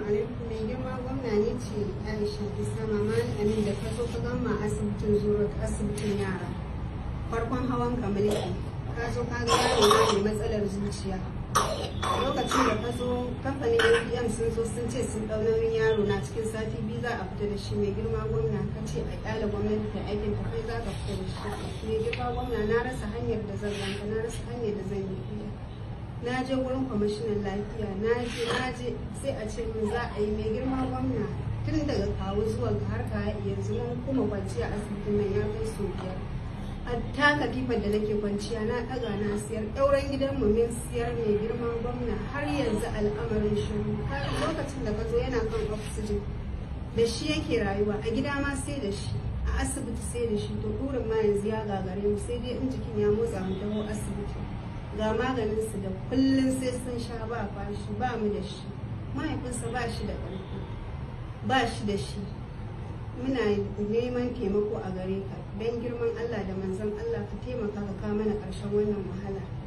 mai girma gwamna ne ce aisha isa mama amin da ka zo ka gama asibitin asibitin yara farkon hawan kamaliki ka zo ka ga yaro mai matsalar zuciya lokacin da ka zo kamfanin sun zo sun ce sun ɗau nauyin yaro na cikin sati biyu za a fita da shi mai girma gwamna ka ce a ƙyale gwamnati da aikin ta kai za ka fita da shi mai girma gwamna na rasa hanyar da zan ranka na rasa hanyar da zan yi na je wurin kwamishinan lafiya na je sai a ce min za a yi mai girma gwamna tun daga kawo zuwa ga har ka yanzu mun kuma kwanciya asibitin nan ya kai sau biyar a taka kifar da nake kwanciya na ɗaga na siyar gidan mu min siyar mai girma gwamna har yanzu al'amarin shiru lokacin da ka zo yana kan oxygen da shi yake rayuwa a gida ma sai da shi a asibiti sai da shi to burin ma yanzu ya gagare mu sai dai in jikin ya motsa mu dawo asibiti ga maganinsu da kullum sai sun sha ba kwashi ba mu da shi mahaifinsa ba shi da ƙarfi ba shi da shi muna neman taimako a gare ka don girman allah da manzon allah ka taimaka ka kawo mana ƙarshen wannan wahala